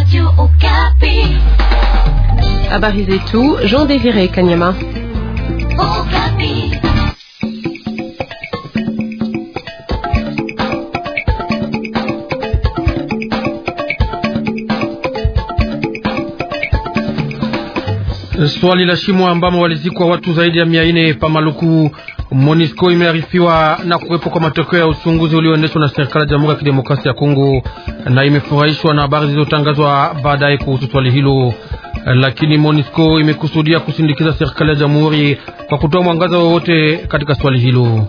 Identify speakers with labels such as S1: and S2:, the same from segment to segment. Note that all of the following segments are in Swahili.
S1: Radio Okapi.
S2: tout, tout Jean Désiré
S3: Kanyama.
S1: Okapi.
S3: swali la shimo ambamo walizikwa watu zaidi ya mia nne pa Maluku. Monisco imearifiwa na kuwepo kwa matokeo ya uchunguzi ulioendeshwa na serikali ya Jamhuri ya Kidemokrasia ya Kongo na imefurahishwa na habari zilizotangazwa baadaye kuhusu swali hilo, lakini Monisco imekusudia kusindikiza serikali ya Jamhuri kwa kutoa mwangaza wowote katika swali hilo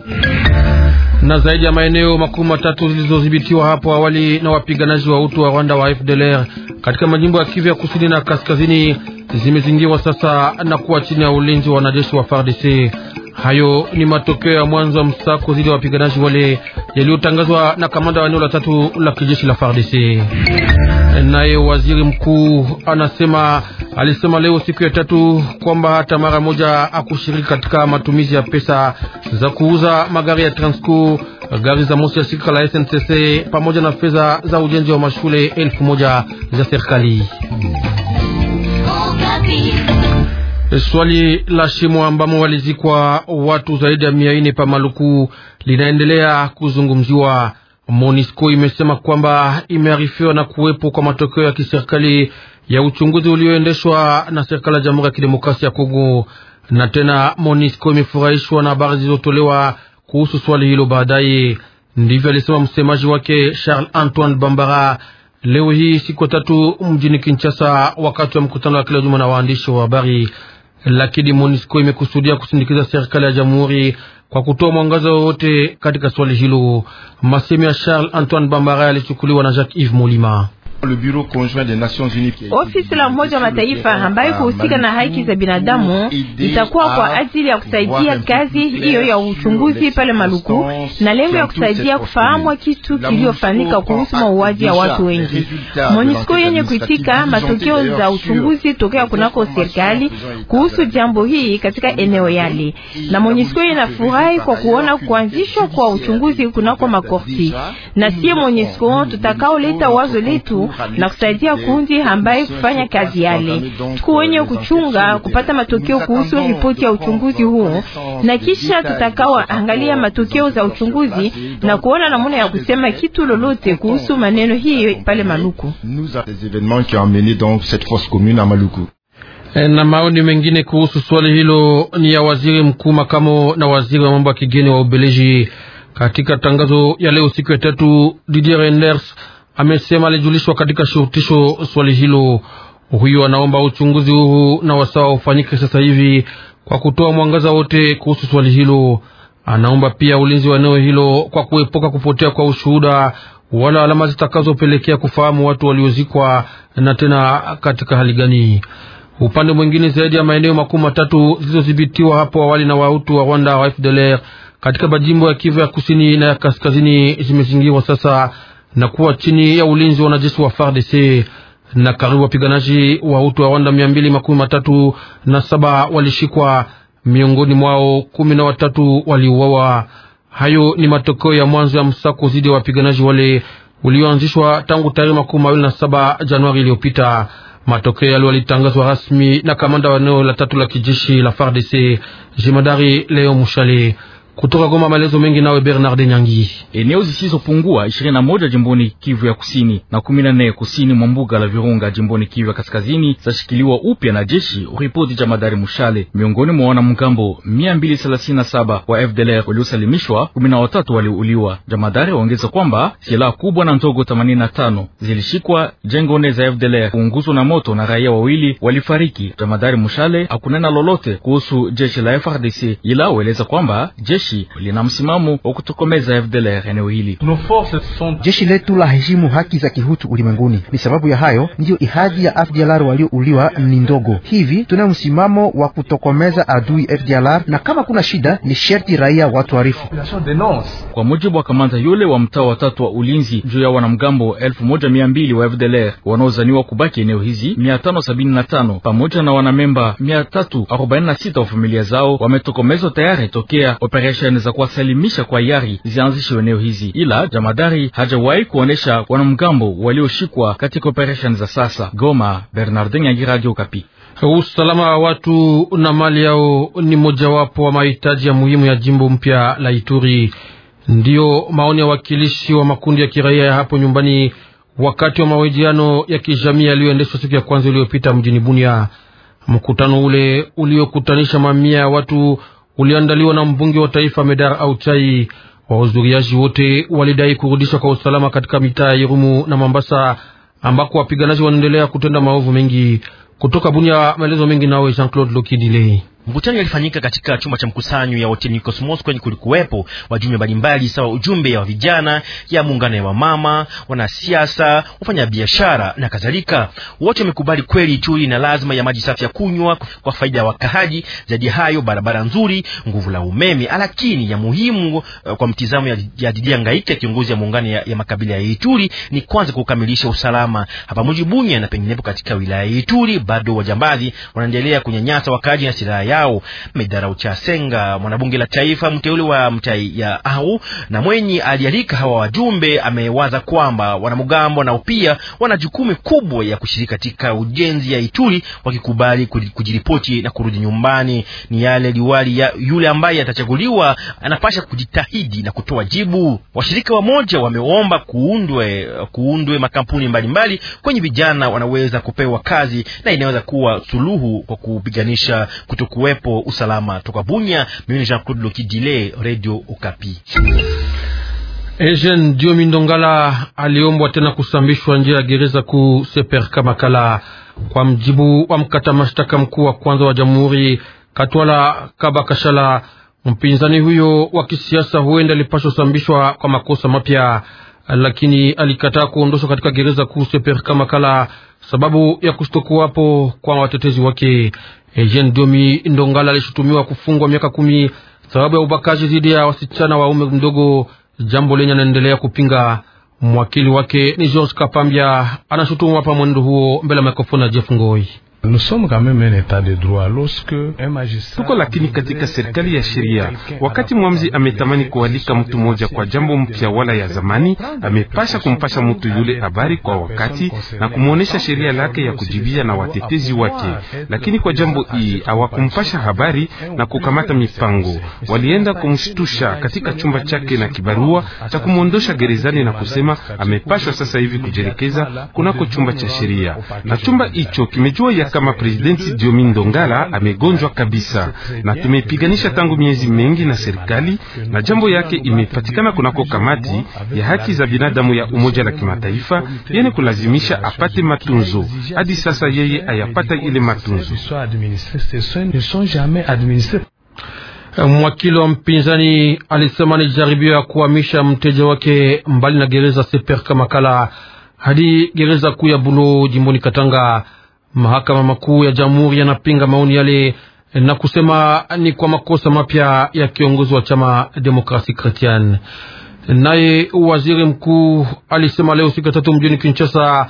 S3: na zaidi ya maeneo makumi matatu zilizodhibitiwa hapo awali na wapiganaji wa utu wa Rwanda wa FDLR katika majimbo ya Kivu ya kusini na kaskazini zimezingiwa sasa na kuwa chini ya ulinzi wa wanajeshi wa FARDC. Hayo ni matokeo ya mwanzo wa msako zidi ya wapiganaji wale yaliyotangazwa na kamanda wa eneo la tatu la kijeshi la FARDC. Naye waziri mkuu anasema alisema leo siku ya tatu kwamba hata mara moja akushiriki katika matumizi ya pesa za kuuza magari ya Transco, gari za mosi ya shirika la SNCC pamoja na fedha za ujenzi wa mashule elfu moja za serikali. E, swali la shimo ambamo walizikwa watu zaidi ya mia nne pa Maluku linaendelea kuzungumziwa. Monisco imesema kwamba imearifiwa na kuwepo kwa matokeo ya kiserikali ya uchunguzi ulioendeshwa na serikali ya Jamhuri ya Kidemokrasia ya Kongo, na tena Monisco imefurahishwa na habari zilizotolewa kuhusu swali hilo baadaye. Ndivyo alisema msemaji wake Charles Antoine Bambara leo hii siku tatu mjini Kinshasa, wakati wa mkutano wa kila juma na waandishi wa habari. Lakini MONUSCO imekusudia kusindikiza serikali ya jamhuri kwa kutoa mwangazo wowote katika swali hilo. Masemi ya Charles Antoine Bambara yalichukuliwa na Jacques Yves Molima.
S2: Ofisi la Umoja wa Mataifa ambayo kuhusika na haki za binadamu itakuwa kwa ajili ya kusaidia kazi hiyo ya uchunguzi pale Maluku, na lengo ya kusaidia kufahamwa kitu kiliyofanyika kuhusu mauaji ya watu wengi.
S1: MONUSCO yenye kuitika matokeo za
S2: uchunguzi tokea kunako serikali kuhusu jambo hii katika eneo yale, na MONUSCO inafurahi kwa kuona kuanzishwa kwa uchunguzi kunako makorti, na siye MONUSCO tutakaoleta wazo letu na kusaidia kundi ambaye kufanya kazi yale. Tuko wenye kuchunga kupata matokeo kuhusu ripoti ya uchunguzi huo, na kisha tutakao angalia matokeo za uchunguzi na kuona namna ya kusema kitu lolote kuhusu maneno hii pale Maluku
S3: na maoni mengine kuhusu swali hilo ni ya waziri mkuu makamo na waziri wa mambo ya kigeni wa Ubeleji katika tangazo ya leo siku ya tatu Didier Reynders amesema alijulishwa katika shurutisho swali hilo. Huyo anaomba uchunguzi huu na wasawa ufanyike sasa hivi kwa kutoa mwangaza wote kuhusu swali hilo. Anaomba pia ulinzi wa eneo hilo kwa kuepuka kupotea kwa ushuhuda wala alama zitakazopelekea kufahamu watu waliozikwa na tena katika hali gani. Upande mwingine, zaidi ya maeneo makumi matatu zilizodhibitiwa hapo awali na wautu wa Rwanda wa FDLR katika majimbo ya Kivu ya kusini na ya kaskazini zimezingiwa sasa na kuwa chini ya ulinzi wa wanajeshi wa FARDC na karibu wapiganaji wa Hutu wa Rwanda mia mbili makumi matatu na saba walishikwa, miongoni mwao kumi na watatu waliuawa. Hayo ni matokeo ya mwanzo ya msako dhidi ya wapiganaji wale ulioanzishwa tangu tarehe makumi mawili na saba Januari iliyopita. Matokeo yale walitangazwa rasmi na kamanda wa eneo la tatu la kijeshi la FARDC, jimadari Leo Mushale. Kutoka Goma, maelezo mengi nawe Bernard
S4: Nyangi. Eneo zisizopungua 21 jimboni Kivu ya Kusini na 14 kusini mwa mbuga la Virunga jimboni Kivu ya Kaskazini zashikiliwa upya na jeshi, ripoti jamadari Mushale. Miongoni mwa wanamgambo 237 wa FDLR waliosalimishwa, 13 waliuliwa. Jamadari waongeza kwamba silaha kubwa na ndogo 85 zilishikwa, jengo nne za FDLR kuunguzwa na moto na raia wawili walifariki. Jamadari Mushale hakunena lolote kuhusu jeshi la FRDC ila waeleza kwamba jeshi jeshi lina msimamo wa kutokomeza FDLR eneo hili. Jeshi letu la heshimu haki za kihutu ulimwenguni. Ni sababu
S2: ya hayo ndiyo ihadi ya FDLR waliouliwa ni ndogo. Hivi tuna msimamo wa kutokomeza adui FDLR, na kama kuna shida ni sherti raia watuarifu.
S4: Kwa mujibu wa kamanda yule wa mtaa wa tatu wa ulinzi juu ya wanamgambo elfu moja mia mbili wa FDLR wanaozaniwa kubaki eneo hizi mia tano sabini na tano pamoja na wanamemba mia tatu arobaini na sita wa familia zao wametokomezwa tayari tokea operation operation za kuwasalimisha kwa yari zianzishwe eneo hizi, ila jamadari hajawahi kuonesha wanamgambo walioshikwa katika operation
S3: za sasa. Goma, Bernardin Yangi, Radio Kapi. Usalama wa watu na mali yao ni mojawapo wa mahitaji ya muhimu ya jimbo mpya la Ituri. Ndiyo maoni ya wakilishi wa makundi ya kiraia ya hapo nyumbani wakati wa mahojiano ya kijamii yaliyoendeshwa siku ya kwanza iliyopita mjini Bunia. Mkutano ule uliokutanisha mamia ya watu uliandaliwa na mbunge wa taifa Medar Auchai. Wahudhuriaji wote walidai kurudishwa kwa usalama katika mitaa ya Irumu na Mambasa ambako wapiganaji wanaendelea kutenda maovu mengi. Kutoka Bunia, maelezo mengi nawe Jean Claude Lokidile. Mkutano ulifanyika katika chumba cha mkusanyo ya hoteli Nikos Moscow kwenye kulikuwepo wajumbe mbalimbali sawa
S2: ujumbe ya vijana ya muungano wa mama, wanasiasa, biashara na kadhalika. Wote wamekubali kweli tuli na lazima ya maji safi ya kunywa kwa faida ya wakahaji, zaidi hayo barabara nzuri, nguvu la umeme, lakini ya muhimu eh, kwa mtizamo ya, ya Didia Ngaike kiongozi ya muungano ya, ya makabila ya Ituri ni kwanza kukamilisha usalama hapa mji Bunya na penginepo katika wilaya ya Ituri. Bado wajambazi wanaendelea kunyanyasa wakaaji na silaha yao. Medara Uchasenga, mwanabunge la taifa mteule wa mtai ya au na mwenye alialika hawa wajumbe, amewaza kwamba wanamgambo nao pia wana jukumu kubwa ya kushiriki katika ujenzi ya Ituri, wakikubali kujiripoti na kurudi nyumbani. Ni yale liwali ya yule ambaye atachaguliwa anapasha kujitahidi na kutoa jibu. Washirika wamoja wameomba kuundwe kuundwe makampuni mbalimbali mbali, kwenye vijana wanaweza kupewa kazi na inaweza kuwa suluhu kwa kupiganisha kutoku kuwepo usalama. Toka Bunya, mimi ni Jean Claude Lokidile, Radio Okapi.
S3: Ejen Dio Mindongala aliombwa tena kusambishwa nje ya gereza kuu Seperka Makala kwa mjibu wa mkata mashtaka mkuu wa kwanza wa jamhuri Katwala Kabakashala. Mpinzani huyo wa kisiasa huenda alipashwa kusambishwa kwa makosa mapya, lakini alikataa kuondoshwa katika gereza kuu Seperka Makala sababu ya kushtokuwapo kwa watetezi wake. Eugene Domi Ndongala alishutumiwa kufungwa miaka kumi sababu ya ubakaji dhidi ya wasichana wa umri mdogo, jambo lenye anaendelea kupinga. Mwakili wake ni George kapambia anashutumu hapa mwenendo huo mbele ya mikrofoni ya Jeff Ngoi.
S4: Tuko lakini katika serikali ya sheria, wakati mwamzi ametamani kualika mtu mmoja kwa jambo mpya wala ya zamani, amepasha kumpasha mtu yule habari kwa wakati na kumwonyesha sheria lake ya kujibia na watetezi wake. Lakini kwa jambo hii hawakumpasha habari na kukamata mipango, walienda kumshtusha katika chumba chake na kibarua cha kumwondosha gerezani na kusema amepashwa sasa hivi kujerekeza kunako chumba cha sheria, na chumba hicho kimejua ya kama presidenti Diomi Ndongala amegonjwa kabisa, na tumepiganisha tangu miezi mengi na serikali, na jambo yake imepatikana kunako kamati ya haki za binadamu ya Umoja la Kimataifa yene kulazimisha apate matunzo.
S3: Hadi sasa yeye ayapata ile matunzo. Mwakili wa mpinzani alisema ni jaribio ya kuhamisha mteja wake mbali na gereza Seperka Makala hadi gereza kuu ya Bulo jimboni Katanga. Mahakama makuu ya jamhuri yanapinga maoni yale na kusema ni kwa makosa mapya ya kiongozi wa chama Demokrasi Kretian. Naye waziri mkuu alisema leo siku ya tatu mjini Kinshasa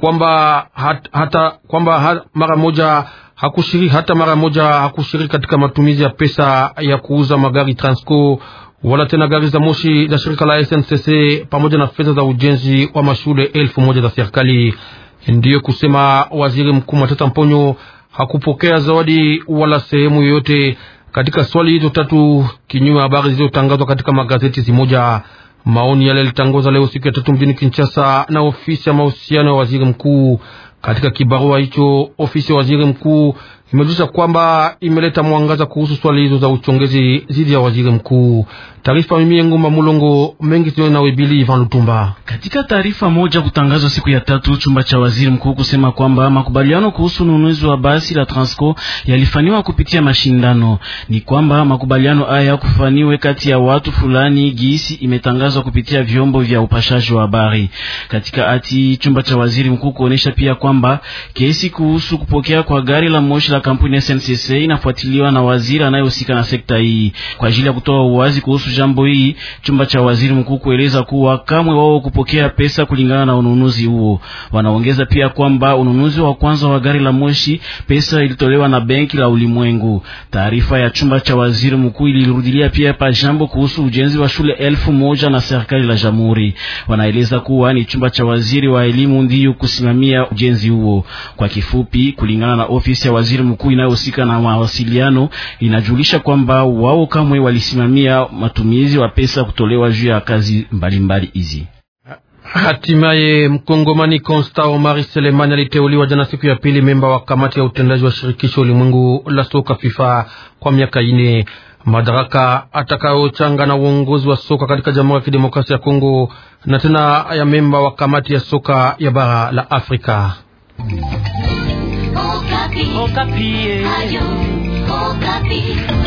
S3: kwamba hat, hata kwamba hat, mara moja hakushiriki hata mara moja hakushiriki katika matumizi ya pesa ya kuuza magari Transco wala tena gari za moshi za shirika la SNCC pamoja na fedha za ujenzi wa mashule elfu moja za serikali. Ndiyo kusema waziri mkuu Matata Mponyo hakupokea zawadi wala sehemu yoyote katika swali hizo tatu, kinyume habari zilizotangazwa katika magazeti zimoja. Maoni yale yalitangazwa leo siku ya tatu mjini Kinshasa na ofisi ya mahusiano ya waziri mkuu. Katika kibarua hicho, ofisi ya waziri mkuu imejulisha kwamba imeleta mwangaza kuhusu swali hizo za uchongezi dhidi ya waziri mkuu. Taarifa mimi Ngumba Mulongo mengi tuyo na Webili Ivan Lutumba. Katika taarifa moja kutangazwa siku ya tatu, chumba cha waziri
S1: mkuu kusema kwamba makubaliano kuhusu ununuzi wa basi la Transco yalifanywa kupitia mashindano. Ni kwamba makubaliano haya kufaniwe kati ya watu fulani, gisi imetangazwa kupitia vyombo vya upashaji wa habari. Katika ati chumba cha waziri mkuu kuonesha pia kwamba kesi kuhusu kupokea kwa gari la moshi la kampuni SNCC inafuatiliwa na waziri anayehusika na sekta hii. Kwa ajili ya kutoa uwazi kuhusu jambo hii, chumba cha waziri mkuu kueleza kuwa kamwe wao kupokea pesa kulingana na ununuzi huo. Wanaongeza pia kwamba ununuzi wa kwanza wa gari la moshi, pesa ilitolewa na benki la ulimwengu. Taarifa ya chumba cha waziri mkuu ilirudilia pia pa jambo kuhusu ujenzi wa shule elfu moja na serikali la jamhuri. Wanaeleza kuwa ni chumba cha waziri wa elimu ndiyo kusimamia ujenzi huo. Kwa kifupi, kulingana na ofisi ya waziri mkuu inayohusika na mawasiliano inajulisha kwamba wao kamwe walisimamia matumizi wa pesa kutolewa juu ya kazi mbalimbali hizi.
S3: Hatimaye mkongomani Constant Omari Selemani aliteuliwa jana siku ya pili memba wa kamati ya utendaji wa shirikisho ulimwengu la soka FIFA kwa miaka ine, madaraka atakayochanga na uongozi wa soka katika Jamhuri ya Kidemokrasia ya Kongo na tena ya memba wa kamati ya soka ya bara la Afrika.
S4: Okapi. Okapi.